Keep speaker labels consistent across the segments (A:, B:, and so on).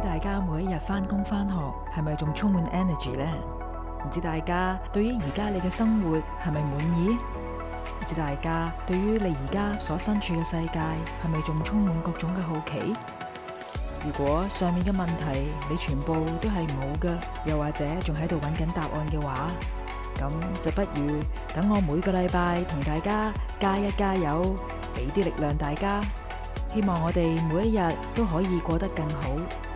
A: 大家每一日返工返學係咪仲充滿 energy 呢？唔知大家對於而家你嘅生活係咪滿意？唔知大家對於你而家所身處嘅世界係咪仲充滿各種嘅好奇？如果上面嘅問題你全部都係冇嘅，又或者仲喺度揾緊答案嘅話，咁就不如等我每個禮拜同大家加一加油，俾啲力量大家。希望我哋每一日都可以過得更好。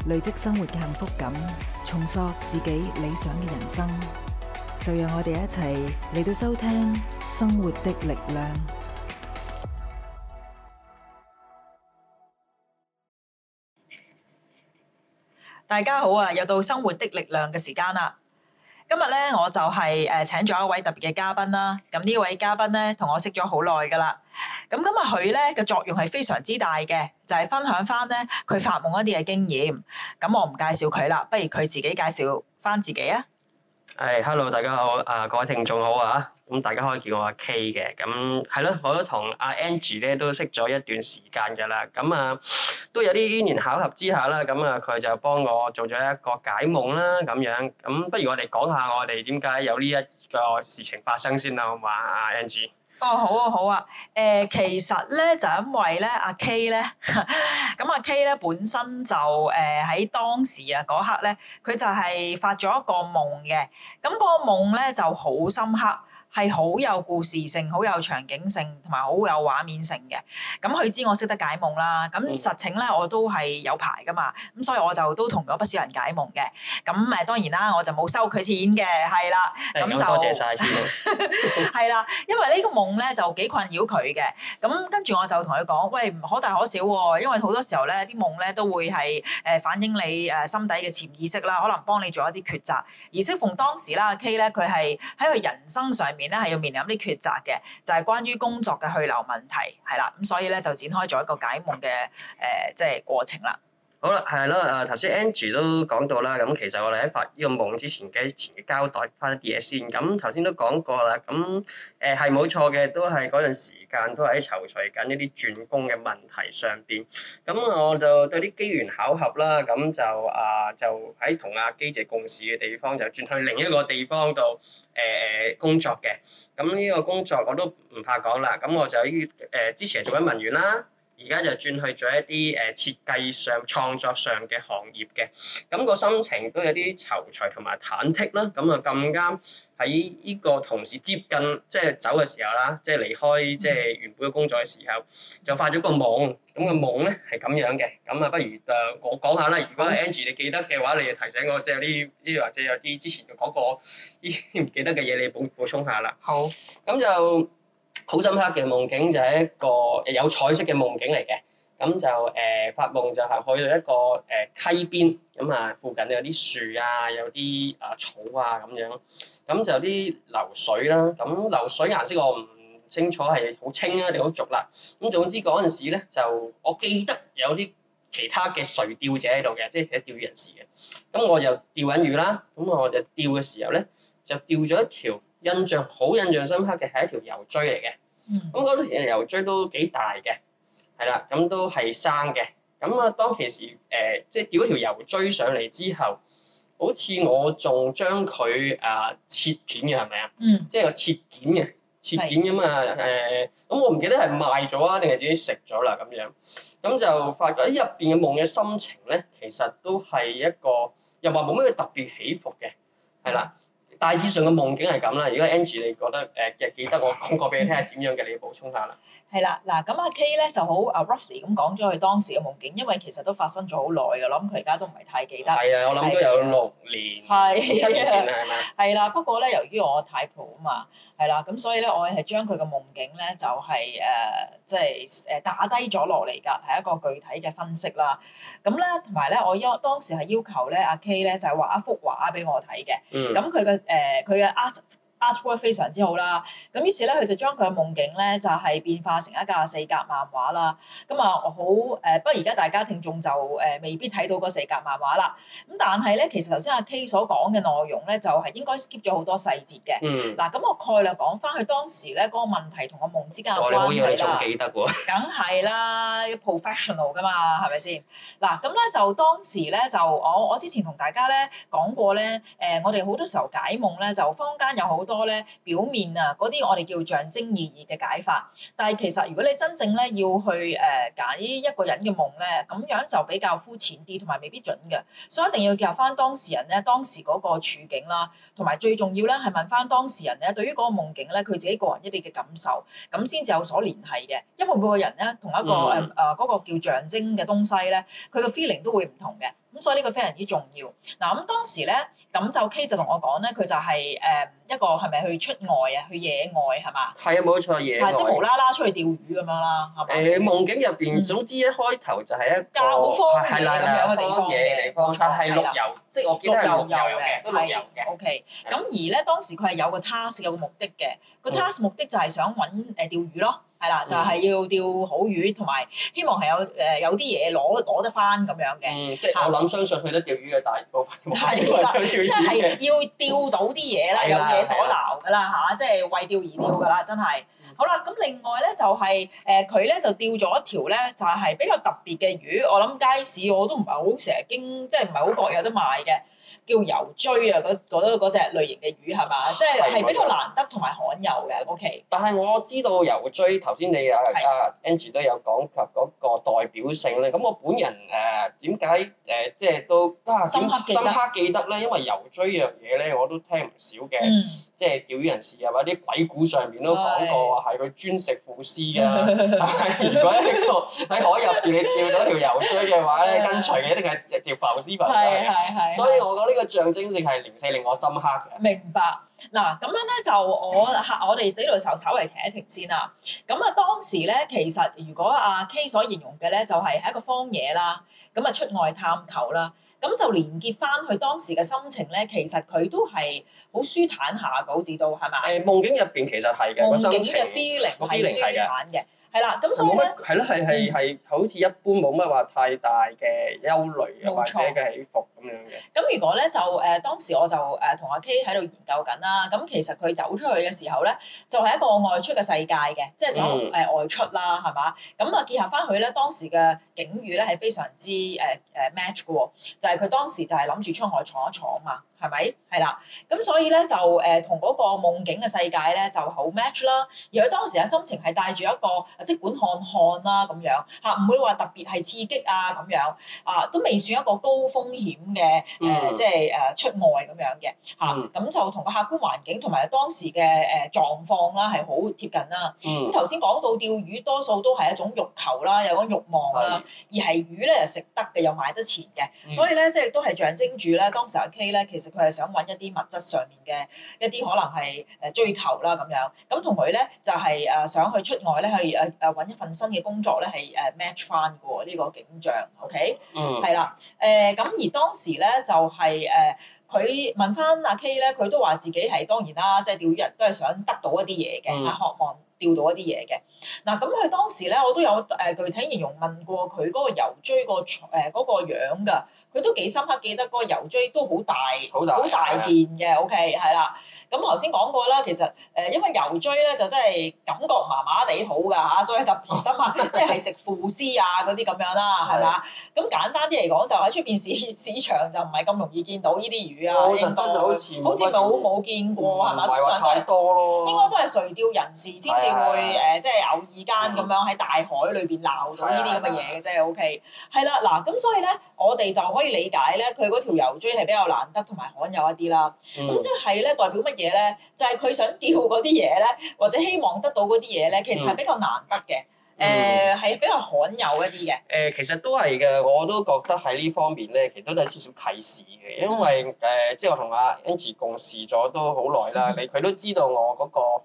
A: 累積生活嘅幸福感，重塑自己理想嘅人生，就讓我哋一齊嚟到收聽《生活的力量》。大家好啊，又到《生活的力量》嘅時間啦！今日咧，我就係誒請咗一位特別嘅嘉賓啦。咁呢位嘉賓咧，同我識咗好耐噶啦。咁今日佢咧嘅作用係非常之大嘅，就係、是、分享翻咧佢發夢一啲嘅經驗。咁我唔介紹佢啦，不如佢自己介紹翻自己啊。
B: 係、Hey，hello，大家好，啊各位聽眾好啊。咁大家可以叫我阿 K 嘅，咁係咯，我都同阿 Angie 咧都識咗一段時間噶啦，咁啊都有啲因緣巧合之下啦，咁啊佢就幫我做咗一個解夢啦，咁樣，咁不如我哋講下我哋點解有呢一個事情發生先啦，好嘛？阿 Angie。
A: 哦，好啊，好啊，誒、呃，其實咧就因為咧阿、啊、K 咧，咁 阿、啊、K 咧本身就誒喺、呃、當時啊嗰刻咧，佢就係發咗一個夢嘅，咁嗰個夢咧就好深刻。係好有故事性、好有場景性同埋好有畫面性嘅。咁佢知我識得解夢啦。咁實情咧我都係有排噶嘛。咁所以我就都同咗不少人解夢嘅。咁誒當然啦，我就冇收佢錢嘅，係啦。咁、嗯、就多謝晒。係啦， 因為呢個夢咧就幾困擾佢嘅。咁跟住我就同佢講，喂，唔可大可小喎、啊。因為好多時候咧，啲夢咧都會係誒反映你誒心底嘅潛意識啦，可能幫你做一啲抉擇。而適逢當時啦、嗯、K 咧佢係喺佢人生上面。咧係要面臨啲抉擇嘅，就係關於工作嘅去留問題，係啦，咁所以咧就展開咗一個解夢嘅誒，即係過程啦。
B: 好啦，係啦，誒頭先 Angie 都講到啦，咁其實我哋喺發呢個夢之前嘅前嘅交代翻一啲嘢先，咁頭先都講過啦，咁誒係冇錯嘅，都係嗰陣時間都喺躊躇緊一啲轉工嘅問題上邊，咁我就對啲機緣巧合啦，咁就啊就喺同阿機姐共事嘅地方就轉去另一個地方度誒工作嘅，咁、呃、呢個工作我都唔怕講啦，咁我就於誒、呃、之前做緊文員啦。而家就轉去做一啲誒設計上、創作上嘅行業嘅，咁個心情都有啲躊躇同埋忐忑啦。咁啊，咁啱喺呢個同時接近即係走嘅時候啦，即係離開即係原本嘅工作嘅時候，就發咗個夢。咁個夢咧係咁樣嘅。咁啊，不如誒我講下啦。如果 Angie 你記得嘅話，你就提醒我即係有啲呢，或者有啲之前嘅嗰呢啲唔記得嘅嘢，你補補充下啦。好。咁就。好深刻嘅夢境就係一個有彩色嘅夢境嚟嘅，咁就誒、呃、發夢就係去到一個誒、呃、溪邊，咁啊附近有啲樹啊，有啲啊草啊咁樣，咁就有啲流水啦、啊，咁流水顏色我唔清楚係好清啊定好濁啦，咁、啊、總之嗰陣時咧就我記得有啲其他嘅垂釣者喺度嘅，即、就、係、是、釣魚人士嘅，咁我就釣緊魚啦，咁我就釣嘅時候咧就釣咗一條印象好印象深刻嘅係一條油椎嚟嘅。咁嗰啲油漿都幾大嘅，係啦，咁都係生嘅。咁、嗯、啊，嗯、當其時誒，即係掉一條油漿上嚟之後，好似我仲將佢啊、呃、切片嘅係咪啊？嗯，即係個切片嘅切片咁啊誒，咁我唔記得係賣咗啊，定係自己食咗啦咁樣。咁就發覺喺入邊嘅夢嘅心情咧，其實都係一個又話冇咩特別起伏嘅，係啦。嗯大致上嘅夢境係咁啦，如果 Angel 你覺得誒，記、呃、記得我講過俾你聽係點樣嘅，你要補充下啦。
A: 係啦，嗱，咁阿 K 咧就好阿 Ruffy 咁講咗佢當時嘅夢境，因為其實都發生咗好耐㗎啦，我諗佢而家都唔係太記得。係啊，我諗都有六
B: 年、七年
A: 啦。係啦，不過咧，由於我 type 啊嘛，係啦，咁所以咧，我係將佢嘅夢境咧就係誒，即係誒打低咗落嚟㗎，係一個具體嘅分析啦。咁咧，同埋咧，我要當時係要求咧，阿 K 咧就係畫一幅畫俾我睇嘅。咁佢嘅誒，佢嘅 art。非常之好啦，咁於是咧佢就將佢嘅夢境咧就係變化成一架四格漫畫啦。咁啊，我好誒，不過而家大家聽眾就誒未必睇到嗰四格漫畫啦。咁但係咧，其實頭先阿 K 所講嘅內容咧，就係應該 skip 咗好多細節嘅。嗯。嗱，咁我概略講返佢當時咧嗰個問題同個夢之間嘅關係。我以為仲記得喎。梗係啦，要 professional 噶嘛，係咪先？嗱，咁咧就當時咧就我我之前同大家咧講過咧，誒，我哋好多時候解夢咧就坊間有好多。多咧表面啊，嗰啲我哋叫象徵意義嘅解法，但係其實如果你真正咧要去誒、呃、解一個人嘅夢咧，咁樣就比較膚淺啲，同埋未必準嘅，所以一定要結合翻當事人咧當時嗰個處境啦，同埋最重要咧係問翻當事人咧對於嗰個夢境咧佢自己個人一啲嘅感受，咁先至有所聯繫嘅，因為每個人咧同一個誒誒嗰個叫象徵嘅東西咧，佢嘅 feeling 都會唔同嘅，咁所以呢個非常之重要。嗱、呃、咁、嗯、當時咧。咁就 K 就同我講咧，佢就係誒一個係咪去出外啊，去野外係嘛？
B: 係啊，冇錯，野外。即係無啦
A: 啦出去釣魚咁樣啦，係咪？誒夢境
B: 入邊總之一開頭就係一個荒野咁樣嘅地方嘅地方，但係綠油，即係我記得係綠嘅，都綠油嘅。
A: O K，咁而咧當時佢係有個 task 有個目的嘅，個 task 目的就係想揾誒釣魚咯。係啦，就係、是、要釣好魚，同埋希望係有誒、呃、有啲嘢攞攞得翻咁樣嘅。嗯嗯、即係我諗
B: 相信去得釣魚嘅，大部分，乜即係要
A: 釣到啲嘢啦，有嘢所撈㗎啦吓，即係為釣而釣㗎啦，真係。好啦，咁另外咧就係誒佢咧就釣咗一條咧就係比較特別嘅魚，我諗街市我都唔係好成日經，即係唔係好各有得賣嘅，叫油錐啊
B: 嗰嗰嗰隻類型嘅魚係嘛？即係係比較難得
A: 同埋罕有嘅 O.K.
B: 但係我知道油錐，頭先你阿阿 m ur any ful Angie 都有講及嗰個代表性咧。咁我本人誒點解誒即係都啊，啊深刻記得咧？因為油錐呢樣嘢咧我都聽唔少嘅，即係釣魚人士啊或者啲鬼故上面都講過啊。m ur any 係佢專食腐屍噶。 如果一個喺海入邊你釣到一條油漚嘅話咧，跟隨嘅一定係一條浮屍浮翻。係 所以我覺呢個象徵性係零四令我深刻嘅。
A: 明白嗱，咁樣咧就我客我哋呢度時稍微停一停先啦。咁啊，當時咧其實如果阿 K 所形容嘅咧，就係喺一個荒野啦，咁啊出外探求啦。咁就連結翻佢當時嘅心情咧，其實佢都係好舒坦下嘅，好似都係咪？誒，
B: 夢境入邊其實係嘅，夢境嘅的 feeling 係舒
A: 坦嘅。係啦，咁所
B: 以咧，係咯，係係係，好似一般冇乜話太大嘅憂慮啊，錯或者嘅起伏咁樣
A: 嘅。咁如果咧就誒、呃、當時我就誒同、呃、阿 K 喺度研究緊啦，咁、啊、其實佢走出去嘅時候咧，就係、是、一個外出嘅世界嘅，即、就、係、是、想誒外出啦，係嘛、嗯？咁啊、嗯、結合翻佢咧當時嘅境遇咧係非常之誒誒、呃呃、match 嘅，就係、是、佢當時就係諗住出外闖一闖啊嘛。係咪？係啦，咁所以咧就誒同嗰個夢境嘅世界咧就好 match 啦。而佢當時嘅心情係帶住一個即管看看啦咁樣嚇，唔會話特別係刺激啊咁樣啊，都未算一個高風險嘅誒，即係誒出外咁樣嘅嚇。咁就同個客觀環境同埋當時嘅誒狀況啦，係好貼近啦。咁頭先講到釣魚，多數都係一種慾求啦，有種慾望啦，而係魚咧食得嘅，又賣得錢嘅，所以咧即係都係象徵住咧當時阿 K 咧其實。佢係想揾一啲物質上面嘅一啲可能係誒追求啦咁樣，咁同佢咧就係、是、誒、呃、想去出外咧去誒誒揾一份新嘅工作咧係誒 match 翻嘅呢、呃呢個景象，OK？嗯，係啦，誒、呃、咁而當時咧就係誒佢問翻阿 K 咧，佢都話自己係當然啦，即係釣魚人都係想得到一啲嘢嘅，渴望、嗯啊。釣到一啲嘢嘅。嗱，咁佢當時咧，我都有誒具體形容問過佢嗰個油椎個誒嗰個樣噶，佢都幾深刻記得嗰個油椎都好大，好大好大件嘅，OK 係啦。咁我頭先講過啦，其實誒因為油椎咧就真係感覺麻麻地好噶嚇，所以特別深刻，即係食腐屍啊嗰啲咁樣啦，係嘛？咁簡單啲嚟講，就喺出邊市市場就唔係咁容易見到呢啲魚啊，好似好似冇冇見過係嘛？太多咯，應該都係垂釣人士先至會誒，即、啊、係、就是、偶爾間咁樣喺大海裏邊鬧到呢啲咁嘅嘢嘅，真係 OK。係 啦樂，嗱，咁、就是啊、所以咧，我哋就可以理解咧，佢嗰條油釣係比較難得同埋罕有一啲啦。咁、mm. 即係咧，代表乜嘢咧？就係、是、佢想釣嗰啲嘢咧，或者希望得到嗰啲嘢咧，其實係比較難得嘅，誒係、mm. 呃、比較
B: 罕有一啲嘅。誒、呃，其實都係嘅，我都覺得喺呢方面咧，其實都係少少提示嘅，因為誒，即、呃、係我同阿 Angie 共事咗都好耐啦，mm. 你佢都知道我嗰個。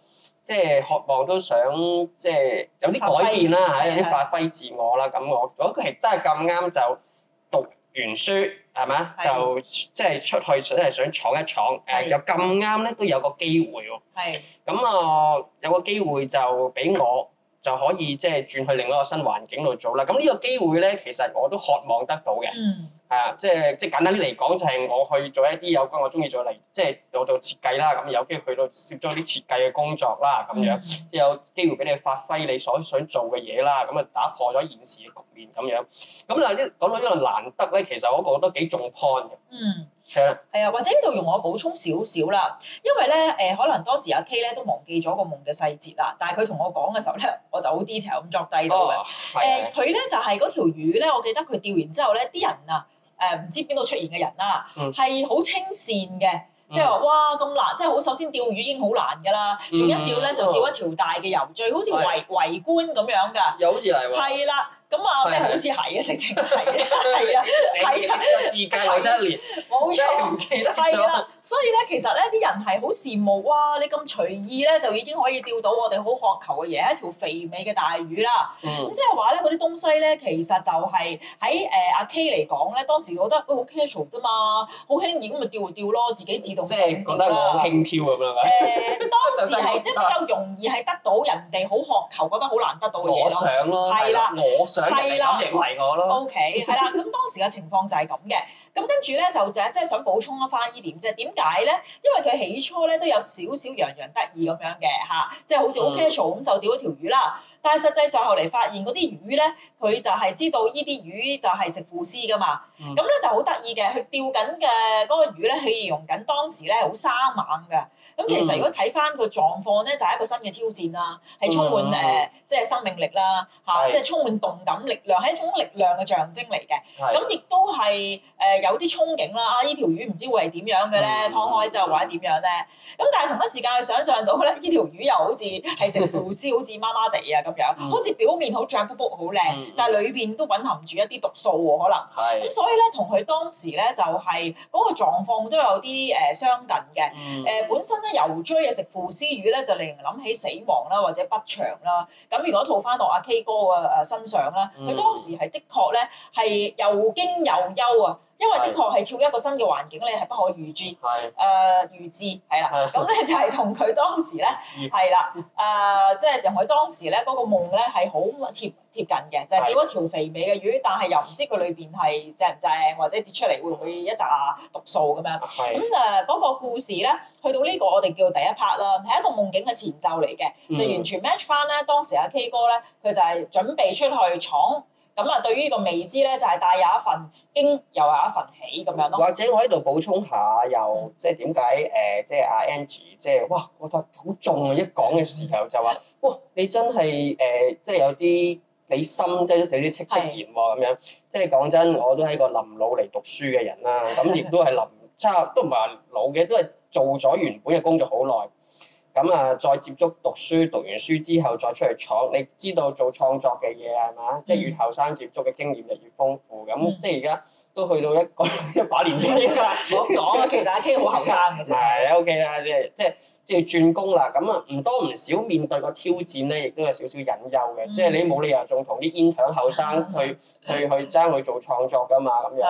B: 即係渴望都想，即、就、係、是、有啲改變啦，嚇揮是有啲發揮自我啦。咁的我嗰期真係咁啱就讀完書，係咪的就即係出去，想，係想闖一闖。誒又咁啱咧，都有個機會喎。係咁啊，有個機會就俾我就可以即係轉去另一個新環境度做啦。咁呢個機會咧，其實我都渴望得到嘅。嗯。係啊，即係即係簡單啲嚟講，就係、是、我去做一啲有關我中意做例，例即係我做到設計啦，咁有機會去到接咗啲設計嘅工作啦，咁樣有機會俾你發揮你所想做嘅嘢啦，咁啊打破咗現時嘅局面咁樣。咁難啲講到呢個難得咧，其實我覺得幾重 point 嘅。嗯，
A: 係啦，係啊，或者呢度用我補充少少啦，因為咧誒、呃，可能當時阿 K 咧都忘記咗個夢嘅細節啦，但係佢同我講嘅時候咧，我就好 detail 咁作低到嘅。誒、哦，佢咧、呃、就係、是、嗰條魚咧，我記得佢釣完之後咧，啲人啊～誒唔、呃、知邊度出現嘅人啦、啊，係好、嗯、清善嘅，即係話哇咁難，即係好首先釣魚已經好難㗎啦，仲一釣咧就釣一條大嘅油嘴，好似圍的圍觀咁樣㗎，又好似係喎，係啦。咁啊，咩好似係啊，直情係啊，係啊，係啊，呢時間
B: 又
A: 一年，冇錯，係啦，所以咧，其實咧，啲人係好羨慕啊，你咁隨意咧就已經可以釣到我哋好渴求嘅嘢，一條肥美嘅大魚啦。咁即係話咧，嗰啲東西咧，其實就係喺誒阿 K 嚟講咧，當時覺得好 casual 啫嘛，好輕易咁咪釣就釣咯，自己自動上碟啦。即係覺得我好輕
B: 佻咁樣。誒，當時係即
A: 比較容易係得到人哋好渴求、覺得好難得到嘅嘢咯。想咯，係啦，我。係啦，OK，係啦，咁當時嘅情況就係咁嘅。 咁跟住咧就就係即係想補充一翻依點，即係，點解咧？因為佢起初咧都有少少洋洋得意咁樣嘅嚇，即係好似 OK 做咁就釣咗條魚啦。但係實際上後嚟發現嗰啲魚咧，佢就係知道呢啲魚就係食腐屍噶嘛。咁咧就好得意嘅，佢釣緊嘅嗰個魚咧，佢形容緊當時咧好生猛嘅。咁其實如果睇翻個狀況咧，就係一個新嘅挑戰啦，係充滿誒即係生命力啦嚇，即係充滿動感力量，係一種力量嘅象徵嚟嘅。咁亦都係誒。有啲憧憬啦，啊！呢條魚唔知會係點樣嘅咧，劏開之後或者點樣咧？咁但係同一時間去想象到咧，呢條魚又好似係食腐屍， 好似麻麻地啊咁樣，好似表面好脹卜卜好靚， 但係裏邊都蘊含住一啲毒素喎，可能係咁， 所以咧同佢當時咧就係嗰個狀況都有啲誒相近嘅。誒、呃，本身咧油追嘢食腐屍魚咧，就令人諗起死亡啦，或者不祥啦。咁如果套翻落阿 K 哥嘅誒身上咧，佢 當時係的確咧係又驚又憂啊！因為的確係跳一個新嘅環境咧，係不可預知，誒預知係啦。咁咧、呃 嗯、就係同佢當時咧係啦，誒即係同佢當時咧嗰、那個夢咧係好貼貼近嘅，就係、是、釣一條肥美嘅魚，但係又唔知佢裏邊係正唔正，或者跌出嚟會唔會一紮毒素咁樣。咁誒嗰個故事咧，去到呢個我哋叫第一 part 啦，係一個夢境嘅前奏嚟嘅，嗯、就完全 match 翻咧當時阿 K 哥咧，佢就係準備出去闖。咁啊，對於呢個未知咧，就係、是、帶有一份驚，又有一份喜咁樣咯。或者
B: 我喺度補充下又，又即係點解誒？即係阿 Angie，即係哇，覺得好重啊！一講嘅時候就話哇，你真係誒，即、呃、係、就是、有啲你心即係都少啲戚戚焉喎咁樣。即係講真，我都係一個臨老嚟讀書嘅人啦，咁亦都係臨差都唔係話老嘅，都係做咗原本嘅工作好耐。咁啊，再接觸讀書，讀完書之後再出嚟闖，你知道做創作嘅嘢係嘛？嗯、即係越後生接觸嘅經驗就越豐富。咁、嗯、即係而家都去到一個 一把年紀啦。我講啊，其實阿 K 好後生㗎啫。係 ，OK 啦，即係即係。即係轉工啦，咁啊唔多唔少面對個挑戰咧，亦都有少少隱憂嘅。嗯、即係你冇理由仲同啲煙腸後生去、嗯、去去，去爭去做創作噶嘛咁樣。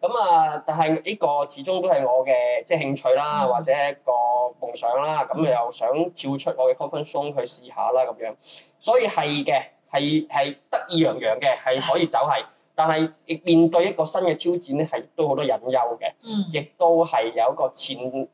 B: 咁啊、嗯，但係呢個始終都係我嘅即係興趣啦，或者一個夢想啦。咁、嗯、又想跳出我嘅 comfort zone 去試下啦咁樣。所以係嘅，係係得意洋洋嘅，係可以走係。嗯、但係亦面對一個新嘅挑戰咧，係都好多隱憂嘅。亦都係有一個前。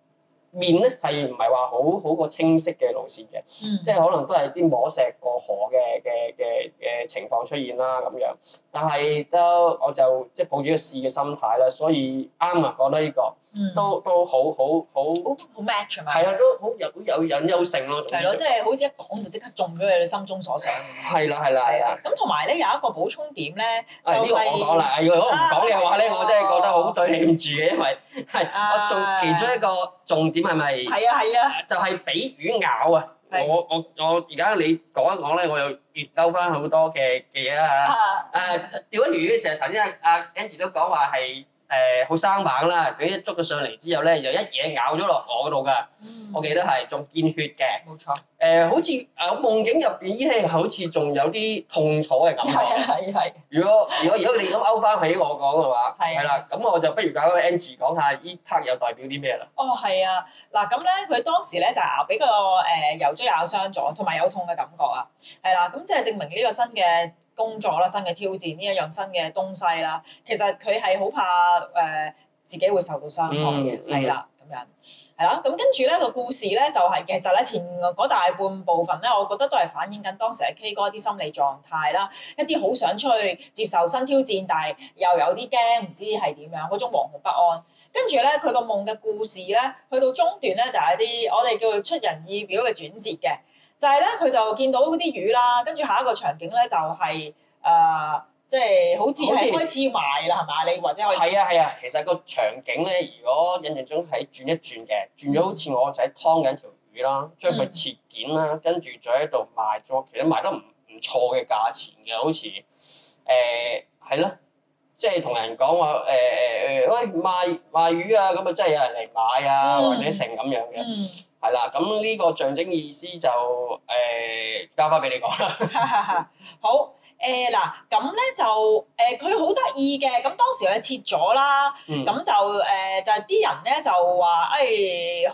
B: 面咧係唔係話好好過清晰嘅路線嘅，嗯、即係可能都係啲摸石過河嘅嘅嘅嘅情況出現啦咁樣，但係都我就即係抱住一個試嘅心態啦，所以啱啊講得呢、這個。嗯，都都好好好好 match 啊嘛，係啊，都好有好有有引誘性咯，係咯，即係
A: 好似一講就即刻中咗你心中所想。係
B: 啦，係啦，係啦。咁同
A: 埋咧有一個補充點咧，就係，啊，呢個我講啦，如果唔
B: 講嘅話咧，我真係覺得好對你唔住嘅，因為係我仲其中一個重點係咪？係啊，係啊，就係俾魚咬啊！我我我而家你講一講咧，我又越勾翻好多嘅嘅嘢啦。啊，誒釣緊魚嘅時候頭先阿阿 Angie 都講話係。誒好生猛啦！佢一捉咗上嚟之後咧，就一嘢咬咗落我嗰度噶，我記得係仲見血嘅。冇錯。誒、呃，好似誒、呃、夢境入邊，依係好似仲有啲痛楚嘅感覺。係係如果如果 如果你咁勾翻起我講嘅話，係啦的，咁我就不如交俾 Angie 講下呢 part 又代表啲咩啦？
A: 哦，係啊，嗱，咁咧佢當時咧就係俾個誒油樽咬傷咗，同埋有，有痛嘅感覺啊，係啦，咁即係證明呢個新嘅。工作啦，新嘅挑戰呢，一樣新嘅東西啦，其實佢係好怕誒、呃、自己會受到傷害嘅，係啦咁樣，係啦。咁跟住咧個故事咧就係其實咧前嗰大半部分咧，我覺得都係反映緊當時嘅 K 哥啲心理狀態啦，一啲好想出去接受新挑戰，但係又有啲驚，唔知係點樣嗰種惶恐不安。跟住咧佢個夢嘅故事咧，去到中段咧就係、是、一啲我哋叫做出人意表嘅轉折嘅。就係咧，佢就見到嗰啲魚啦，跟住下一個場景咧就係、是、誒，即、呃、係、就是、好似開始
B: 賣啦，係嘛像？你或者係啊係啊，其實個場景咧，如果印象中係轉一轉嘅。嗯、轉咗好似我就喺劏緊條魚啦，嗯、將佢切件啦，跟住再喺度賣咗，其實賣得唔唔錯嘅價錢嘅，好似誒係咯，即係同人講話誒誒誒，喂賣賣魚啊，咁啊真係有人嚟買啊，或者成咁樣嘅。嗯嗯係啦，咁呢個象徵意思就誒、呃、交翻俾你講啦。 好
A: 誒嗱，咁咧就誒佢好得意嘅，咁、呃呃、當時佢切咗啦，咁、嗯、就誒、呃、就係啲人咧就話誒、哎、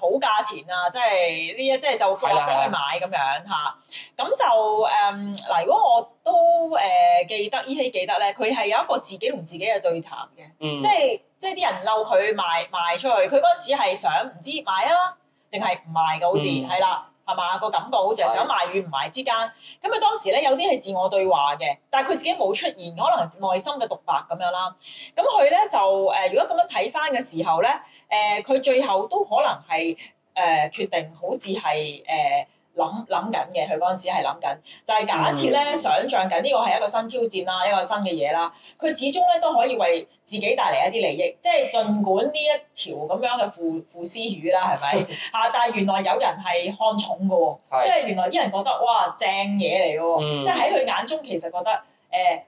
A: 好價錢啊，即係呢一即係就話咁去買咁樣嚇。咁就誒嗱、呃，如果我都誒、呃、記得依稀記得咧，佢係有一個自己同自己嘅對談嘅、嗯，即係即係啲人嬲佢賣賣出去，佢嗰陣時係想唔知買啊。定係唔賣嘅，好似係啦，係嘛、嗯，個感覺，好似係想賣與唔賣之間。咁啊，當時咧有啲係自我對話嘅，但係佢自己冇出現，可能內心嘅獨白咁樣啦。咁佢咧就誒、呃，如果咁樣睇翻嘅時候咧，誒、呃、佢最後都可能係誒、呃、決定好，好似係誒。諗諗緊嘅，佢嗰陣時係諗緊，就係、係、假設咧，想像緊呢個係一個新挑戰啦，一個新嘅嘢啦。佢始終咧都可以為自己帶嚟一啲利益，即係儘管呢一條咁樣嘅負負絲魚啦，係咪嚇？但係原來有人係看重嘅， 即係原來啲人覺得哇正嘢嚟嘅， 即係喺佢眼中其實覺得。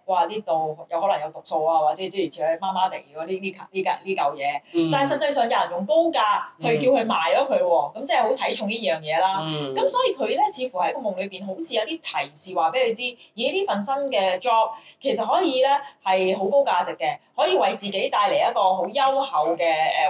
A: 話呢度有可能有毒素啊，或者即如似嗰啲嘛嘛地嗰啲呢呢嚿嘢。但係實際上有人用高價去叫佢賣咗佢喎，咁、mm hmm. 嗯、即係好睇重呢樣嘢啦。咁、mm hmm. 所以佢咧似乎喺個夢裏邊好似有啲提示話俾佢知，咦呢份新嘅 job 其實可以咧係好高價值嘅，可以為自己帶嚟一個好優厚嘅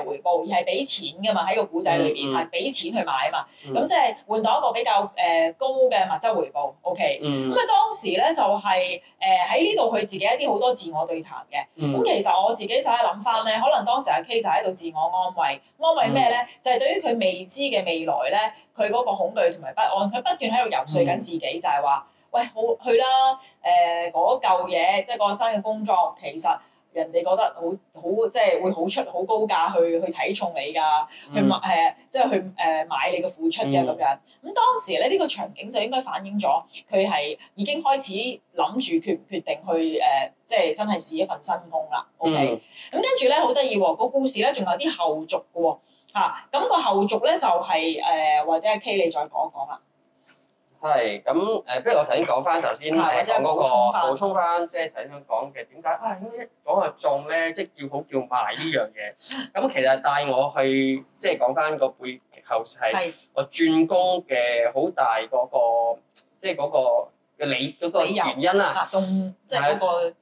A: 誒回報，而係俾錢㗎嘛，喺個古仔裏邊係俾錢去買啊嘛。咁、mm hmm. 即係換到一個比較誒、呃、高嘅物質回報。O.K. 咁啊當時咧就係誒。喺呢度佢自己一啲好多自我對談嘅，咁、嗯、其實我自己就係諗翻咧，可能當時阿 K 就喺度自我安慰，安慰咩咧？嗯、就係對於佢未知嘅未來咧，佢嗰個恐懼同埋不安，佢不斷喺度游説緊自己，嗯、就係話：喂，好去啦！誒、呃，嗰嚿嘢即係嗰個新嘅工作，其實。人哋覺得好好，即係會好出好高價去去睇重你噶，嗯、去買誒，即係去誒、呃、買你嘅付出嘅咁樣。咁當時咧呢、呢個場景就應該反映咗佢係已經開始諗住決唔決定去誒、呃，即係真係試一份新工啦。OK，咁跟住咧好得意喎，個、哦、故事咧仲有啲後續嘅嚇、哦。咁、啊那個後續咧就係、是、誒、呃，或者阿 K 你再講一講啦。
B: 係，咁誒，不如我頭先講翻，頭先講嗰個補充翻，即係頭先講嘅點解，講下種咧，即係叫好叫賣呢樣嘢。咁其實帶我去，即係講翻個背後係的我轉工嘅好大嗰、那個，即係嗰個理嗰個原因啦，
A: 即係嗰
B: 個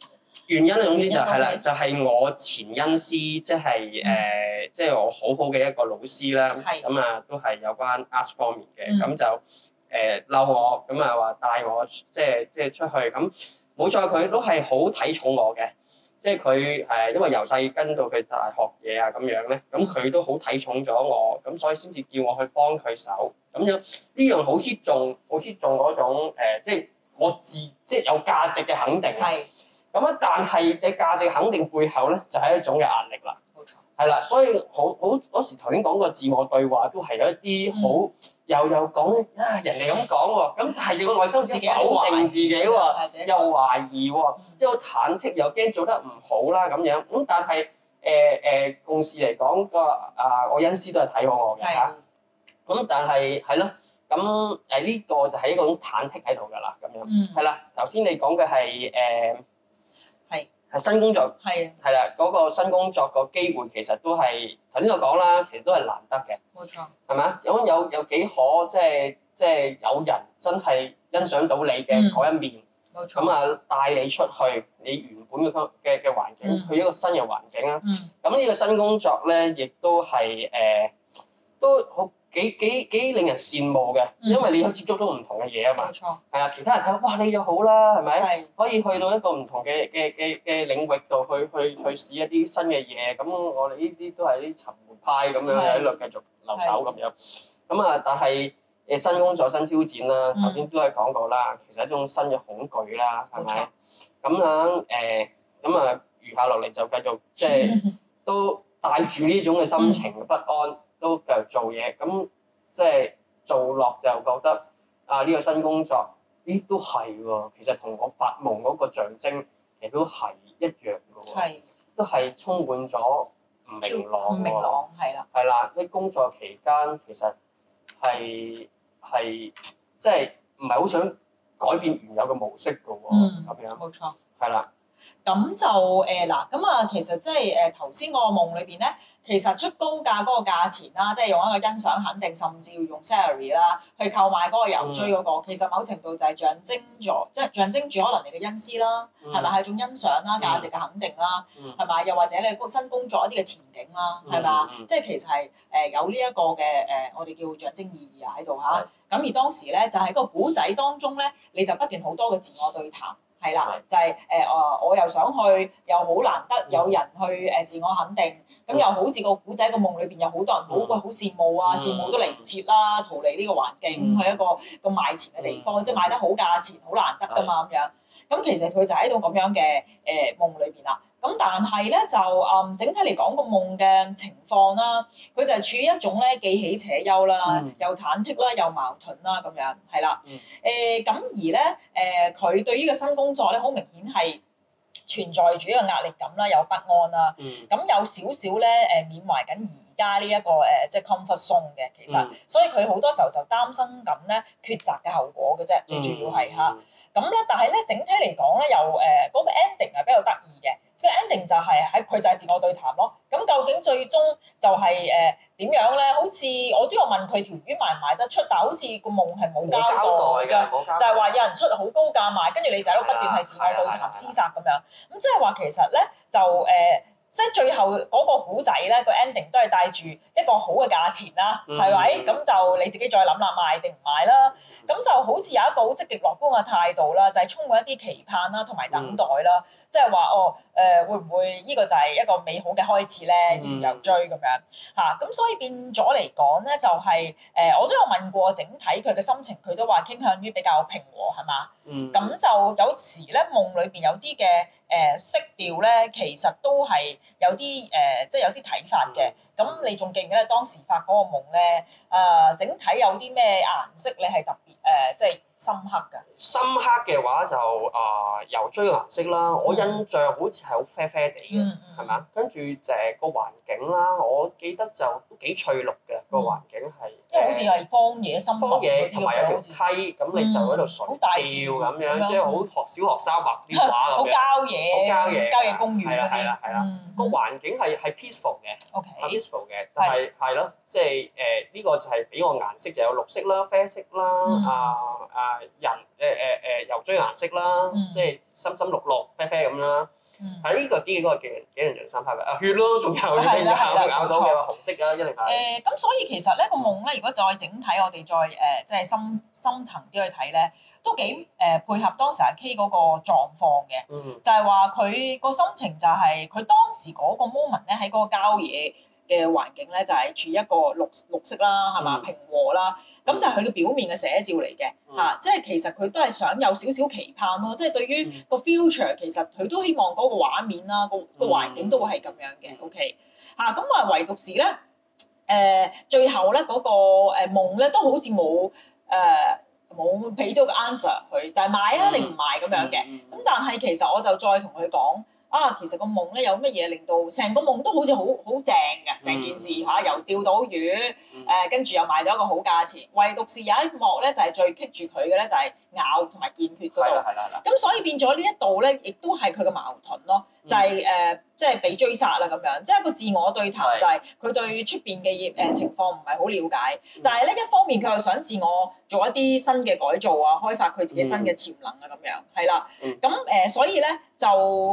B: 原因啦。總之就係啦，就係我前恩師，即係誒，即、呃、係、就是、我好好嘅一個老師啦。咁啊的，都係有關 ask 方面嘅，咁、嗯、就。誒嬲我，咁啊話帶我，即係即係出去，咁冇錯，佢都係好睇重我嘅，即係佢誒，因為由細跟到佢大學嘢啊，咁樣咧，咁佢都好睇重咗我，咁所以先至叫我去幫佢手，咁樣呢樣好 hit 重，好 hit 重嗰種、呃、即係我自即係有價值嘅肯定。係是。咁啊，但係嘅價值肯定背後咧，就係一種嘅壓力啦。冇錯。係啦，所以好好嗰時頭先講過自我對話，都係有一啲好。嗯又又講啊！人哋咁講喎，咁但係個外心內心己肯定自己喎、啊，又懷疑喎，即係好忐忑，又驚做得唔好啦、啊、咁樣。咁但係誒誒，共、呃呃、事嚟講個啊，我恩師都係睇我嘅嚇。咁的、啊、但係係咯，咁誒呢個就係一個種忐忑喺度㗎啦。咁樣係啦，頭先、嗯、你講嘅係誒。呃係新工作，係啊的，係啦，嗰、那個新工作個機會其實都係頭先我講啦，其實都係難得嘅，冇錯錯，係咪啊？有有有幾可即係即係有人真係欣賞到你嘅嗰、嗯、一面，冇錯錯，咁啊帶你出去你原本嘅嘅嘅環境，嗯、去一個新嘅環境啦。咁呢、嗯、個新工作咧，亦都係誒、呃、都好。幾幾幾令人羨慕嘅，因為你去接觸到唔同嘅嘢啊嘛，係啊，其他人睇哇你又好啦，係咪？可以去到一個唔同嘅嘅嘅嘅領域度去去去試一啲新嘅嘢，咁我哋呢啲都係啲沉悶派咁樣喺度繼續留守咁樣。咁啊，但係新工作新挑戰啦，頭先都係講過啦，其實一種新嘅恐懼啦，係咪？咁樣誒，咁啊，餘下落嚟就繼續即係都帶住呢種嘅心情不安。都繼續做嘢，咁即係做落就覺得啊呢個新工作，咦都係喎。其實同我發夢嗰個象徵其實都係一樣嘅喎，是都係充滿咗唔明，明朗，唔明朗係啦，係啦。啲工作期間其實係係即係唔係好想改變原有嘅模式嘅喎，咁、嗯、樣冇錯係啦。
A: 咁就誒嗱，咁、呃、啊，其實即係誒頭先嗰個夢裏邊咧，其實出高價嗰個價錢啦，即係用一個欣賞肯定，甚至要用 salary 啦去購買嗰個油樽嗰、嗰個，嗯、其實某程度就係象徵咗，即係象徵住可能你嘅恩師啦，係咪係一種欣賞啦、價值嘅肯定啦，係咪、嗯？又或者你新工作一啲嘅前景啦，係咪？嗯嗯嗯、即係其實係誒、呃、有呢一個嘅誒、呃，我哋叫象徵意義啊喺度吓。咁而當時咧，就喺、喺、個古仔當中咧，你就不斷好多嘅自我對談。係啦，就係、是、誒，我、呃、我又想去，又好難得有人去誒、呃、自我肯定，咁、嗯、又好似個古仔個夢裏邊有好多人好好羨慕啊，羨慕都嚟唔切啦，逃離呢個環境，嗯、去一個咁賣錢嘅地方，嗯、即係賣得好價錢，好、嗯、難得㗎嘛咁、嗯、樣。咁、嗯、其實佢就喺度咁樣嘅誒夢裏邊啦。咁但係咧就誒整體嚟講個夢嘅情況啦，佢就係處於一種咧既喜且憂啦，又忐忑啦，又矛盾啦咁樣，係啦。誒咁而咧誒佢對於個新工作咧，好明顯係存在住一個壓力感啦，有不安啦。咁有少少咧誒，緬懷緊而家呢一個誒，即係 comfort zone 嘅。其實，所以佢好多時候就擔心緊咧抉擇嘅後果嘅啫。最主要係嚇咁咧，但係咧整體嚟講咧，又誒嗰個 ending 係比較得意嘅。即係 ending 就係喺佢就係自我對談咯，咁究竟最終就係誒點樣咧？好似我都有問佢條魚賣唔賣得出，但係好似個夢係冇交代㗎，代代就係話有人出好高價買，跟住你仔都不斷係自我對談廝殺咁樣，咁即係話其實咧就誒。呃即係最後嗰個古仔咧，個 ending 都係帶住一個好嘅價錢啦，係咪？咁就你自己再諗啦，賣定唔賣啦？咁就好似有一個好積極樂觀嘅態度啦，就係、是、充滿一啲期盼啦，同埋等待啦，嗯、即係話哦，誒、呃、會唔會呢個就係一個美好嘅開始咧？呢條、嗯、又追咁樣嚇，咁、啊、所以變咗嚟講咧，就係、是、誒、呃、我都有問過整體佢嘅心情，佢都話傾向於比較平和，係嘛？嗯。咁、嗯嗯嗯、就有時咧夢裏邊有啲嘅。誒色調咧，其實都係有啲誒、呃，即係有啲睇法嘅。咁、嗯、你仲記唔記得咧，當時發嗰個夢咧，啊、呃，整體有啲咩顏色你係特別誒、呃，即係。深刻
B: 嘅深刻嘅話就啊，油棕嘅顏色啦，我印象好似係好啡啡地嘅，係咪啊？跟住就係個環境啦，我記得就幾翠綠嘅個環境係，即係好似係
A: 荒野森林，荒野同埋有條溪，
B: 咁你就喺度水照咁樣，即係好學小學生畫啲畫咁樣，好郊野，郊野公園嗰啲，個環境係係 peaceful 嘅，ok peaceful 嘅，但係係咯，即係誒呢個就係俾個顏色就有綠色啦、啡色啦啊。人誒誒誒油樽嘅顏色啦，嗯、即係深深綠綠啡啡咁啦，喺呢、嗯啊這個幾多個幾人幾人印象嘅啊！血咯，仲有啲顏色啊，沒錯 紅色啊，一零八
A: 誒咁，所以其實咧個夢咧，如果再整體我再，我哋再誒即係深深層啲去睇咧，都幾誒、呃、配合當時阿 K 嗰個狀況嘅，就係話佢個心情就係佢當時嗰個 moment 咧喺嗰個郊野。嘅環境咧就係、是、處一個綠綠色啦，係嘛平和啦，咁就係佢嘅表面嘅寫照嚟嘅嚇，即係其實佢都係想有少少期盼咯、啊，即、就、係、是、對於個 future 其實佢都希望嗰個畫面啦個個環境都會係咁樣嘅、嗯嗯，OK 嚇咁啊我唯獨是咧誒最後咧嗰、那個誒夢咧都好似冇誒冇俾咗個 answer 佢就係買啊定唔、嗯、買咁樣嘅咁、嗯嗯嗯嗯，但係其實我就再同佢講。啊，其實個夢咧有乜嘢令到成個夢都好似好好正嘅，成、嗯、件事嚇又釣到魚，誒跟住又賣到一個好價錢。唯獨是有一幕咧就係、是、最棘住佢嘅咧就係、是、咬同埋見血嗰度，咁所以變咗呢一度咧亦都係佢嘅矛盾咯。就係、是、誒，即、呃、係、就是、被追殺啦咁樣，即係個自我對頭是就係佢對出邊嘅業、呃、情況唔係好了解，嗯、但係咧一方面佢又想自我做一啲新嘅改造啊，開發佢自己新嘅潛能啊咁樣，係啦，咁誒、呃，所以咧就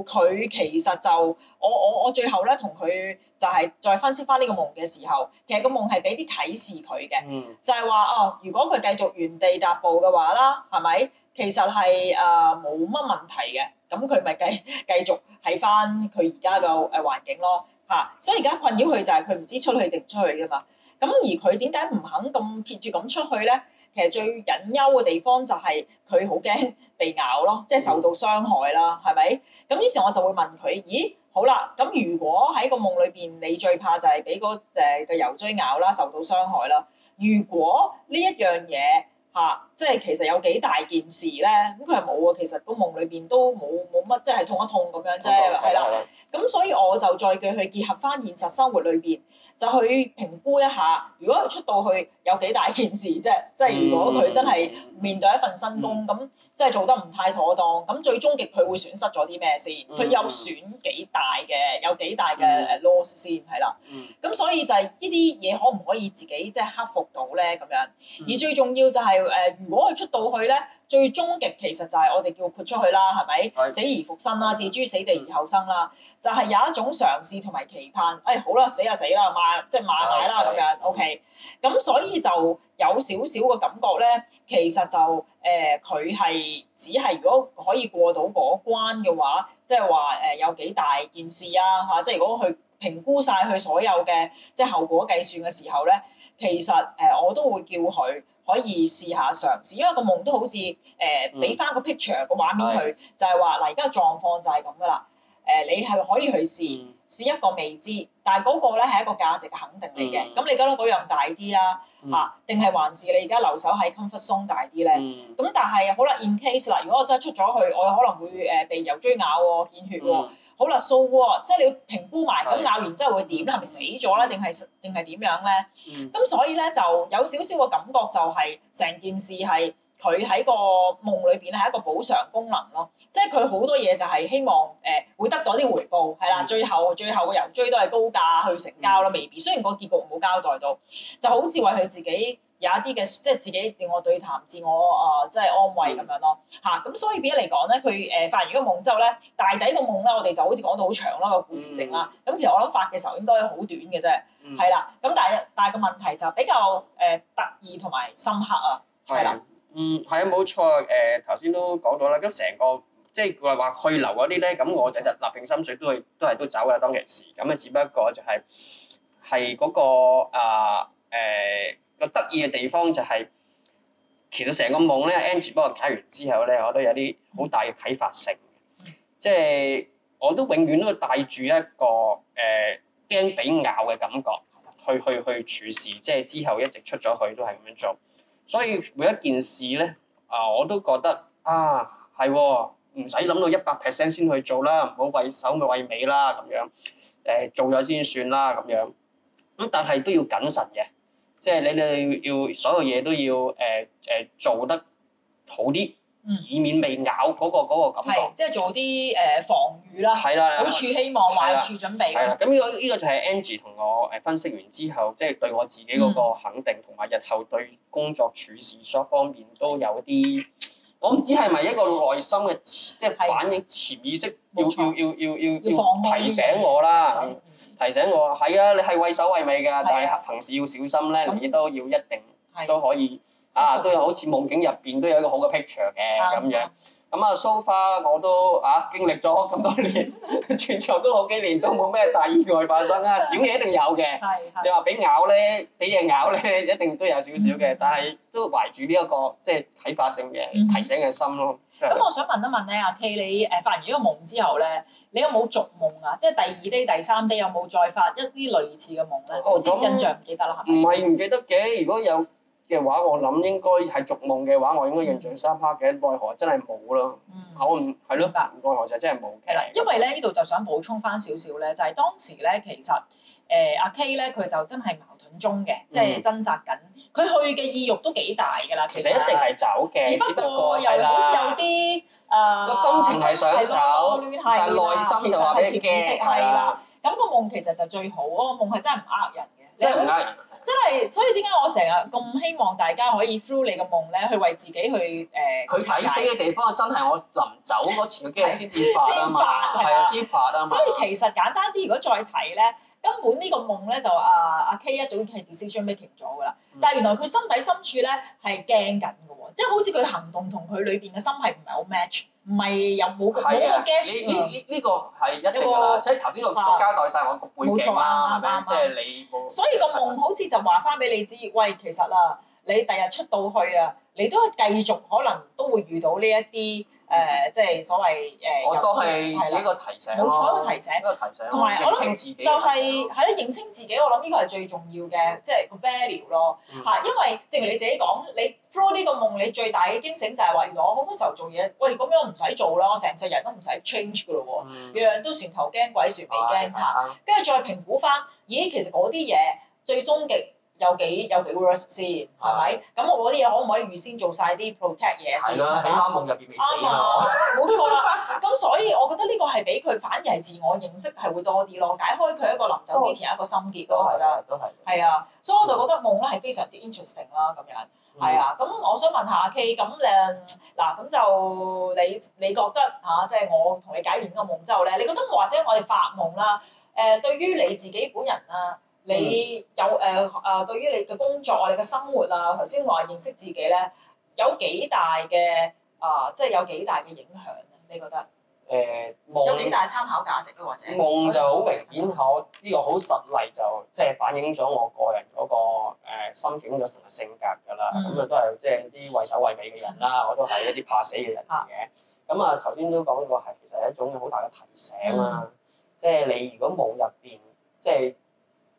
A: 佢其實就我我我最後咧同佢就係再分析翻呢個夢嘅時候，其實個夢係俾啲提示佢嘅，嗯、就係話哦，如果佢繼續原地踏步嘅話啦，係咪其實係誒冇乜問題嘅？咁佢咪繼繼續喺翻佢而家嘅誒環境咯，嚇、啊！所以而家困擾佢就係佢唔知出去定唔出去噶嘛。咁而佢點解唔肯咁撇住咁出去咧？其實最隱憂嘅地方就係佢好驚被咬咯，即係受到傷害啦，係咪？咁於是我就會問佢，咦，好啦，咁如果喺個夢裏邊，你最怕就係俾嗰隻油錐咬啦，受到傷害啦。如果呢一樣嘢？嚇、啊！即係其實有幾大件事咧，咁佢係冇啊。其實個夢裏邊都冇冇乜，即係痛一痛咁樣啫，係啦。咁所以我就再叫佢結合翻現實生活裏邊，就去評估一下，如果佢出到去有幾大件事啫。即係如果佢真係面對一份新工咁。嗯即係做得唔太妥當，咁最終極佢會損失咗啲咩先？佢、嗯嗯、有損幾大嘅，有幾大嘅誒 loss 先係啦。咁、嗯、所以就係呢啲嘢可唔可以自己即係克服到咧？咁樣，嗯、而最重要就係、是、誒、呃，如果佢出到去咧。最終極其實就係我哋叫豁出去啦，係咪？對死而復生啦，置諸死地而後生啦，嗯、就係有一種嘗試同埋期盼。哎，好啦，死就死啦，賣即係賣奶啦咁樣。O K，咁所以就有少少嘅感覺咧，其實就誒佢係只係如果可以過到嗰關嘅話，即係話誒有幾大件事啊嚇、啊！即係如果佢評估晒佢所有嘅即係後果計算嘅時候咧，其實誒、呃、我都會叫佢。可以試下嘗試，因為個夢都好似誒俾翻個 picture 個畫面佢，嗯、就係話嗱，而家嘅狀況就係咁噶啦。誒、呃，你係可以去試、嗯、試一個未知，但係嗰個咧係一個價值嘅肯定嚟嘅。咁、嗯、你覺得嗰樣大啲啦、啊，嚇、嗯？定係、啊、還是你而家留守喺 comfort zone 大啲咧？咁、嗯、但係好啦，in case 嗱，如果我真係出咗去，我可能會誒被油嘴咬喎，獻血喎。嗯。好啦，數過，即係你要評估埋，咁的咬完之後會點咧？係咪死咗咧？定係定係點樣咧？咁、嗯、所以咧就有少少個感覺，就係成件事係佢喺個夢裏邊咧，係一個補償功能咯。即係佢好多嘢就係希望誒、呃、會得到啲回報，係啦、嗯。最後最後個油追都係高價去成交啦。未必，y 雖然個結局冇交代到，就好似為佢自己。有一啲嘅，即係自己自我對談、自我啊，即係安慰咁樣咯，嚇、啊、咁所以變咗嚟講咧，佢誒、呃、發完一個夢之後咧，大抵個夢咧，我哋就好似講到好長咯個故事性啦。咁、嗯、其實我諗發嘅時候應該好短嘅啫，係啦、嗯。咁但係但係個問題就比較誒得意同埋深刻啊，係啦，
B: 嗯，係啊，冇錯誒，頭先都講到啦，咁成個即係話話去留嗰啲咧，咁我其實立定心水都係都係都走噶，當其時，咁啊只不過就係係嗰個啊誒。呃呃呃個得意嘅地方就係、是，其實成個夢咧，Angie 幫我解完之後咧，我都有啲好大嘅啟發性，即係我都永遠都帶住一個誒驚俾咬嘅感覺去去去處事。即係之後一直出咗去都係咁樣做。所以每一件事咧啊，我都覺得啊，係喎，唔使諗到一百 percent 先去做啦，唔好為首咪為尾啦咁樣誒、呃，做咗先算啦咁樣。咁但係都要謹慎嘅。即係你哋要所有嘢都要誒誒、呃呃、做得好啲，以免被咬嗰、嗰個嗰個感覺。嗯、即係做啲
A: 誒、呃、防禦啦。係啦的，好處希望，壞的處準備。係啦，咁呢、呢個呢、呢個
B: 就係 Angie 同我誒分析完之後，即、就、係、是、對我自己嗰個肯定，同埋、嗯、日後對工作處事所方面都有啲。我唔知係咪一個內心嘅即係反映潛意識，要要要錯要要，要，要提醒我啦，嗯、提醒我，係啊，你係畏首畏尾㗎，的但係行事要小心咧，那你都要一定都可以的啊，的都有好似夢境入邊都有一個好嘅 picture 嘅咁、嗯、樣。嗯咁啊，so far 我都啊經歷咗咁多年，全程都好幾年都冇咩大意外發生啊， 小嘢一定有嘅。係的你話俾咬咧，俾嘢咬咧，一定都有少少嘅，嗯、但係都懷住呢一個即係啟發性嘅、嗯、提醒嘅心咯。咁 我想問一問
A: 咧，阿 K，你誒、呃、發完呢個夢之後咧，你有冇續夢啊？即係第二 d 第三 d 有冇再發一啲類似嘅夢咧？哦，我印象唔記得啦，係唔係唔記
B: 得嘅，如果有，嘅話，我諗應該係逐夢嘅話，我應該印象三 part 嘅，奈何真係冇咯。好，唔係咯，奈何就真係冇嘅。因為咧，呢度
A: 就想補充翻少少咧，就係當時咧，其實誒阿 K 咧，佢就真係矛盾中嘅，即係掙扎緊。佢去嘅意欲都幾大㗎啦。其實一定係走嘅，只不過又好似有啲誒個心情係想走，但係內心又好似意識係啦。咁個夢其實就最好，個夢係真係唔呃人嘅。即係唔呃人。真係，所以點解我成日咁希望大家可以 through 你個夢咧，去為自己去誒、
B: 佢、呃、睇死嘅地
A: 方啊， 真係我臨走嗰前幾日先至發啊嘛，係啊， 先發啊，所以其實簡單啲，如果再睇咧。根本呢個夢咧就啊阿 K 一早已經係 decision making 咗噶啦，但係原來佢心底深處咧係驚緊噶喎，即係好似佢行動同佢裏邊嘅心係唔係好 match，唔係又冇冇個 guess 呢呢呢呢個係一
B: 定㗎啦，即係頭先我都交代晒我個背景，冇錯啊，係咪即係你所以個
A: 夢好似就話翻俾你知，喂，其實啦。你第日出到去啊，你都係繼續可能都會遇到呢一啲誒，即、呃、係所謂誒。呃、我都係自己一個提醒、哦。冇錯，一個提醒。一個提醒。同埋而且 我諗就係係咯，認清自己。我諗呢個係最重要嘅，即係個 value 咯、嗯。嚇，因為正如你自己講，你 flow 呢個夢，你最大嘅驚醒就係、是、話，原來我好多時候做嘢，喂咁樣唔使做啦，成世人都唔使 change 噶咯喎，樣樣、嗯、都船頭驚鬼船尾驚，賊、啊。跟住再評估翻，咦，其實嗰啲嘢最終極。有幾有幾 worst 先係咪？咁 我嗰啲嘢可唔可以預先做晒啲 protect 嘢先？係咯，起碼 對
B: 夢入邊
A: 未死啊！冇 錯啦。咁 所以我覺得呢個係俾佢反而係自我認識係會多啲咯，解開佢一個臨走之前一個心結咯，係啦、哦，都係。係啊，所以我就覺得夢咧係非常之 interesting 啦，咁樣係啊。咁我想問下 K，咁誒嗱咁就你你，你覺得嚇，即、啊、係、就是、我同你解完個夢之後咧，你覺得或者我哋發夢啦，誒、呃呃、對於你自己本人啊？你有誒、呃呃、啊！對於你嘅工作啊、你嘅生活啊，頭先話認識自己咧，有幾大嘅啊，即係有幾大嘅影響咧？你覺得
B: 誒？有幾大
A: 參考價值咧？或者、呃、夢就好
B: 明顯，我呢個好實例就即係、就是、反映咗我個人嗰、那個、呃、心境嘅性格㗎喇。咁啊、嗯、都係即係啲畏首畏尾嘅人啦。的我都係一啲怕死嘅人嚟嘅。咁啊頭先都講過係其實係一種好大嘅提醒啊！即係你如果夢入邊即係。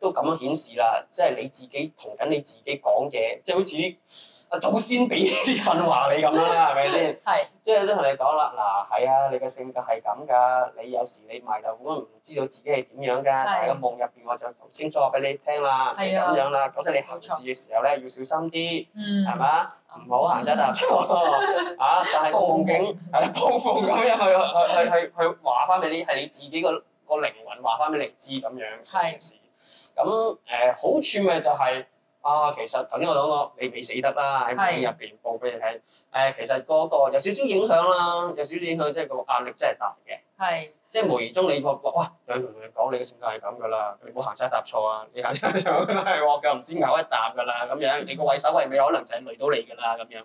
B: 都咁樣顯示啦，即係你自己同緊你自己講嘢，即係好似啲祖先俾啲訓話你咁啦，係咪先？係，即係都同你講啦。嗱，係啊，你嘅性格係咁噶，你有時你埋頭，我唔知道自己係點樣噶。但係個夢入邊，我就清楚話俾你聽啦，係咁樣啦。咁所以你行事嘅時候咧，要小心啲，係嘛？唔好行出啊啊！就係個夢境，係個夢咁樣去去去去話翻俾你，係你自己個個靈魂話翻俾你知咁樣。係。咁誒好處咪就係、是、啊，其實頭先我講過，你未死得啦，喺入邊報俾你睇。誒、呃、其實嗰個有少少影響啦，有少少影響，即、就、係、是、個壓力真係大嘅。係是即係無意中你覺覺，哇！佢同你講你嘅性格係咁噶啦，你唔好行差踏錯啊，你行錯咗係喎，腳唔 知咬一啖噶啦咁樣，你個位守衛咪可能就係累到你噶啦咁樣。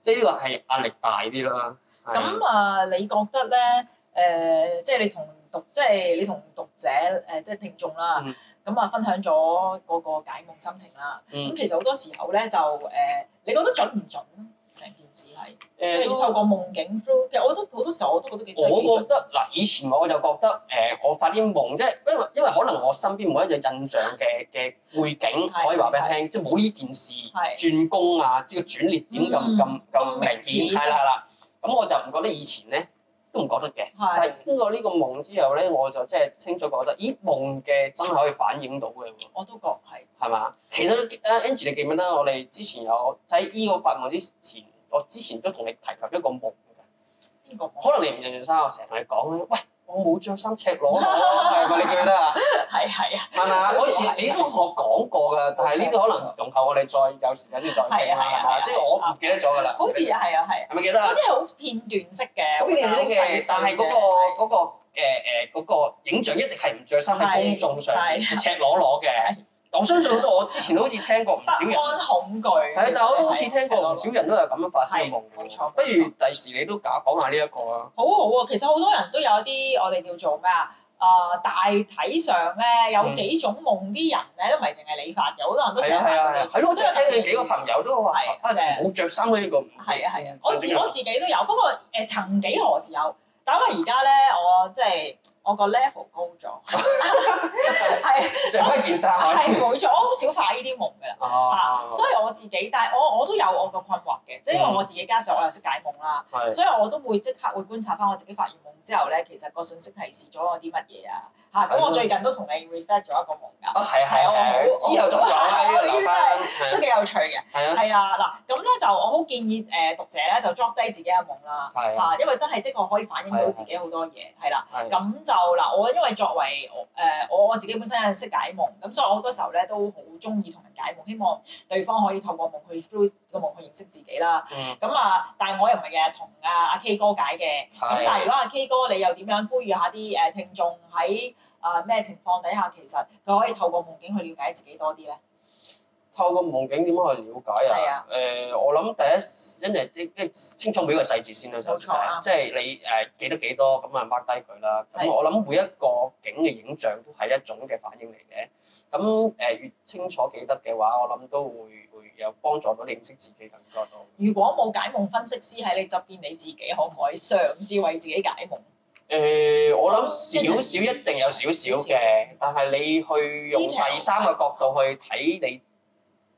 B: 即係呢個係壓力大啲啦。咁啊、嗯，
A: 你覺得咧？誒、嗯，即係你同讀，即係你同讀者誒，即係聽眾啦。咁啊，分享咗嗰個解夢心情啦。咁其實好多時候咧，就誒，你覺得準唔準？成件事係，
B: 即係你透過夢境。其實我都好多時候我都覺得幾準。我覺得嗱，以前我就覺得誒，我發啲夢即係因為因為可能我身邊每一隻印象嘅嘅 背景可以話俾你聽， 的即係冇呢件事的轉工啊，即個轉捩點咁咁咁明顯。係啦係啦，咁、嗯、我就唔覺得以前咧。都唔覺得嘅，的但係經過呢個夢之後咧，我就即係清楚覺得，咦，夢嘅真係可以反映到嘅，
A: 我都覺係。
B: 係嘛？其實咧，Angie 你記唔記得我哋之前有喺呢個發夢之前，我之前都同你提及一個夢嘅，
A: 呢個？可能你唔
B: 認生，我成日同你講嘅。喂我冇着衫赤裸裸，係咪你記得啊？係係啊，係咪啊？嗰時你都同我講過㗎，但係呢個可能仲靠我哋再有時間先再睇下，即係我唔記,記,記得咗㗎啦。好似係啊係，係咪記得啲好片段式嘅，片段嘅，但係嗰、嗰個嗰、嗰個誒、嗯嗰個、影像一定係唔着衫喺公眾上面赤裸裸嘅。我相信好多我之前都好似聽過唔少人，不安恐懼。係但我都好似聽過唔少人都係咁樣發生夢嘅。冇錯，不如第時你都講講下呢一個啊。
A: 好好啊，其實好多人都有一啲我哋叫做咩啊？誒，大體上咧有幾種夢，啲人咧都唔係淨係你發
B: 嘅，好多人都成日係啊係啊。係咯，即睇你幾個朋友都話係，啊，冇著衫呢個。係啊
A: 係啊。我自我自己都有，不過誒，曾幾何時有？但因為而家咧，我即係。我個 level 高咗，係
B: 著開件衫，係冇
A: 錯。我好少發呢啲夢噶啦，嚇。所以我自己，但係我我都有我個困惑嘅，即係因為我自己加上我又識解夢啦，所以我都會即刻會觀察翻我自己發完夢之後咧，其實個信息提示咗我啲乜嘢啊嚇。咁我最近都同你 reflect 咗一個夢㗎，係係我好之後，都幾有趣嘅，係啊嗱。咁咧就我好建議誒讀者咧就 drop 低自己嘅夢啦嚇，因為真係即刻可以反映到自己好多嘢係啦，咁就。就嗱，我因為作為我我、呃、我自己本身係識解夢，咁所以我好多時候咧都好中意同人解夢，希望對方可以透過夢去 through 個夢去認識自己啦。咁啊、嗯，但係我又唔係日日同阿阿 K 哥解嘅。咁的但係如果阿 K 哥，你又點樣呼籲下啲誒聽眾喺啊咩情況底下其實佢可以透過夢境去了解自己多啲咧？
B: 透過夢境點樣去了解啊？誒的、呃，我諗第一，因為即係清楚每個細節先啦，冇錯、啊，即係你誒記得幾多咁啊，mark 低佢啦。咁的我諗每一個景嘅影像都係一種嘅反應嚟嘅。咁誒、呃，越清楚記得嘅話，我諗都會會有幫助到你認識自己更多。
A: 如果冇解夢分析師喺你側邊，你自己可唔可以嘗試為自己解夢？
B: 誒、呃，我諗少少一定有一點點少少許嘅，但係你去用第三個角度去睇你。啊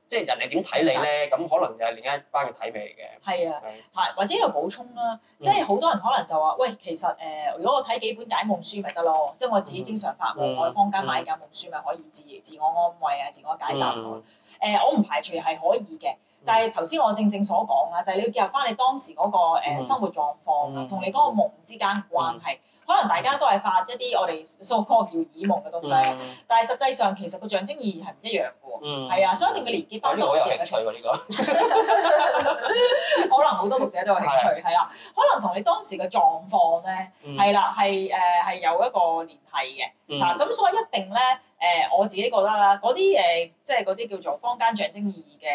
B: 即係人哋點睇你咧，咁、嗯、可能就係另一班嘅睇你嘅。係
A: 啊的，係的，或者有補充啦。嗯、即係好多人可能就話，喂，其實誒、呃，如果我睇幾本解夢書咪得咯，即係我自己經常發夢，嗯嗯、我喺坊間買緊夢書咪可以自、嗯、自我安慰啊，自我解答我。誒、嗯呃，我唔排除係可以嘅。但係頭先我正正所講啦，就係你要結合翻你當時嗰個生活狀況同你嗰個夢之間關係，可能大家都係發一啲我哋所謂叫耳夢嘅東西，但係實際上其實個象徵意義係唔一樣嘅喎，係啊，所以一定嘅連結翻當時嘅趣喎呢個，可能好多讀者都有興趣係啦，可能同你當時嘅狀況咧係啦，係誒係有一個聯繫嘅，嗱咁所以一定咧。誒我自己覺得啦，嗰啲誒即係啲叫做坊間象徵意義嘅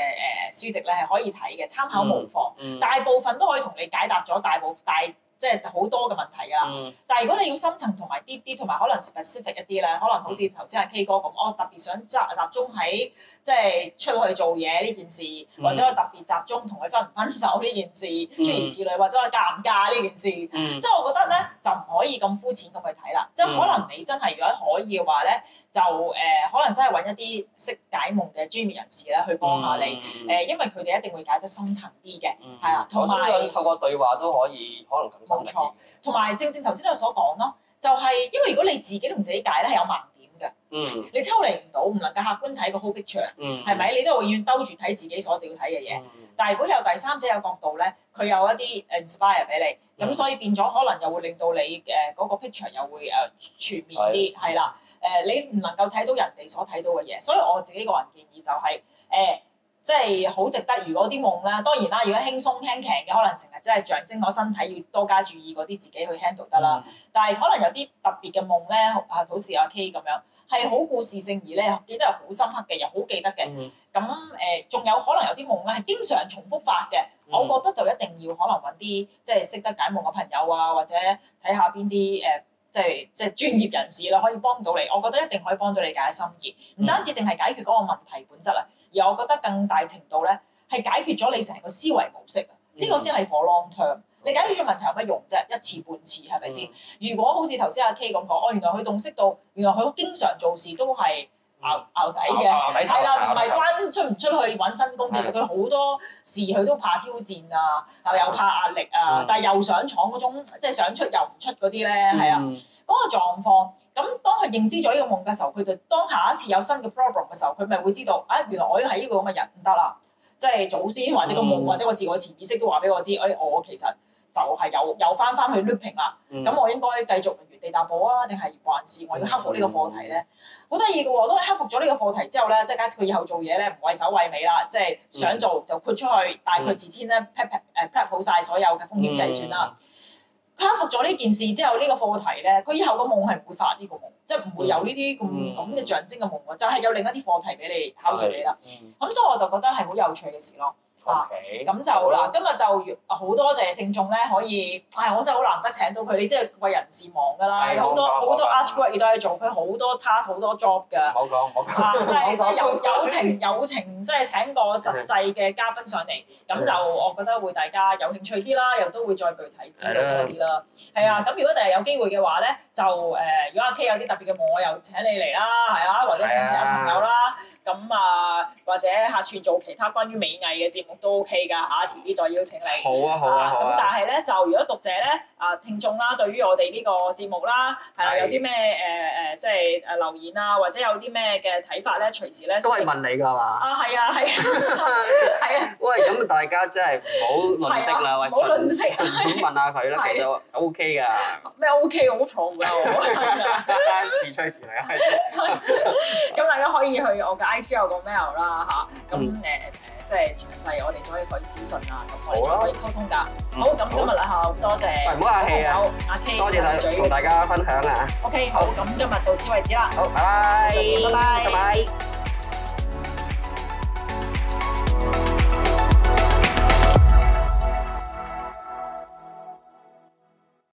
A: 誒書籍咧係可以睇嘅，參考無妨。嗯嗯、大部分都可以同你解答咗大部大。即係好多嘅問題啊！但係如果你要深層同埋啲啲，同埋可能 specific 一啲咧，可能好似頭先阿 K 哥咁，我特別想集集中喺即係出去做嘢呢件事，或者我特別集中同佢分唔分手呢件事，諸如此類，或者我尷唔尬呢件事，即係我覺得咧就唔可以咁膚淺咁去睇啦。即係可能你真係如果可以嘅話咧，就誒可能真係揾一啲識解夢嘅專業人士咧去幫下你誒，因為佢哋一定會解得深層啲嘅，係啊，同埋
B: 透過對話都可以可能冇 錯，
A: 同埋正正頭先都有所講咯，就係、是、因為如果你自己同自己解咧係有盲點嘅，嗯、
B: mm，hmm. 你
A: 抽離唔到，唔能夠客觀睇個好 picture，t 嗯，係咪、mm hmm.？你都永遠兜住睇自己所要睇嘅嘢，但係如果有第三者嘅角度咧，佢有一啲 inspire 俾你，咁所以變咗可能又會令到你誒嗰個 picture t 又會誒
B: 全面啲，係
A: 啦，誒 你唔能夠睇到人哋所睇到嘅嘢，所以我自己個人建議就係、是、誒。呃即係好值得。如果啲夢啦，當然啦，如果輕鬆輕強嘅，可能成日真係象徵咗身體，要多加注意嗰啲自己去 handle 得啦。Mm hmm. 但係可能有啲特別嘅夢咧，啊好似阿、啊、K 咁樣係好故事性而咧，記得係好深刻嘅，又好記得嘅。咁誒、mm，仲、hmm. 嗯、有可能有啲夢咧係經常重複發嘅。我覺得就一定要可能搵啲即係識得解夢嘅朋友啊，或者睇下邊啲誒。呃即係即係專業人士啦，可以幫到你。我覺得一定可以幫到你解心意。唔單止淨係解決嗰個問題本質啊。而我覺得更大程度咧係解決咗你成個思維模式呢、mm hmm. 個先係 for long term。你解決咗問題有乜用啫？一次半次係咪先？是是 mm hmm. 如果好似頭先阿 K 咁講，哦原來佢洞悉到，原來佢經常做事都係。熬牛仔嘅，係啦，唔係關出唔出去揾新工。其實佢好多事佢都怕挑戰啊，又怕壓力啊，但係又想闖嗰種，即係想出又唔出嗰啲咧，係啊，嗰個狀況。咁當佢認知咗呢個夢嘅時候，佢就當下一次有新嘅 problem 嘅時候，佢咪會知道啊，原來我已經係呢個咁嘅人唔得啦。即係祖先或者個夢或者我自我潛意識都話俾我知，誒，我其實。就係有有翻翻去 looping 啦，咁我應該繼續原地踏步啊？定係還是我要克服呢個課題咧？好得意嘅喎！當你克服咗呢個課題之後咧，即係假設佢以後做嘢咧唔畏首畏尾啦，即係想做就豁出去，但係佢自知咧 plan plan 誒 plan 好曬所有嘅風險計算啦。佢克服咗呢件事之後，呢、呢個課題咧，佢以後嘅夢係唔會發呢個夢，即係唔會有呢啲咁咁嘅象徵嘅夢嘅，就係、係、有另一啲課題俾你考驗你啦。咁所以我就覺得係好有趣嘅事咯。咁就嗱，今日就好多謝聽眾咧，可以，係我真係好難得請到佢，你真係為人事忙噶啦，好多好多 article 都喺度做，佢好多 task 好多 job 㗎。冇講
B: 冇講，即係即係友友情
A: 友情，即係請個實際嘅嘉賓上嚟，咁就我覺得會大家有興趣啲啦，又都會再具體知道多啲啦。係啊，咁如果第日有機會嘅話咧，就誒，如果阿 K 有啲特別嘅夢，我又請你嚟啦，係啊，或者請其他朋友啦，咁啊，或者客串做其他關於美藝嘅節目。都 OK 噶嚇，遲啲再邀請你。好啊好啊好啊！咁但係咧，就如果讀者咧啊聽眾啦，對於我哋呢個節目啦，係啦，有啲咩誒誒，即係誒留言啊，或者有啲咩嘅睇法咧，隨時咧都係問你㗎嘛。啊係啊係啊係啊！喂，咁
B: 大家真係唔好吝嗇啦，或者儘儘量
A: 問下佢啦，其實 OK 㗎。咩 OK？好冇錯㗎，自吹自擂。咁大家可以去我嘅 IG 有個 mail 啦吓。咁誒即係詳
B: 細，我哋仲可以私信啊，咁我哋仲可以溝通㗎。好，咁今日啊嚇，多謝，唔好客氣啊，多謝同大家分享啊。OK，
A: 好，咁今日到此為止啦。好，拜拜，拜拜，拜拜。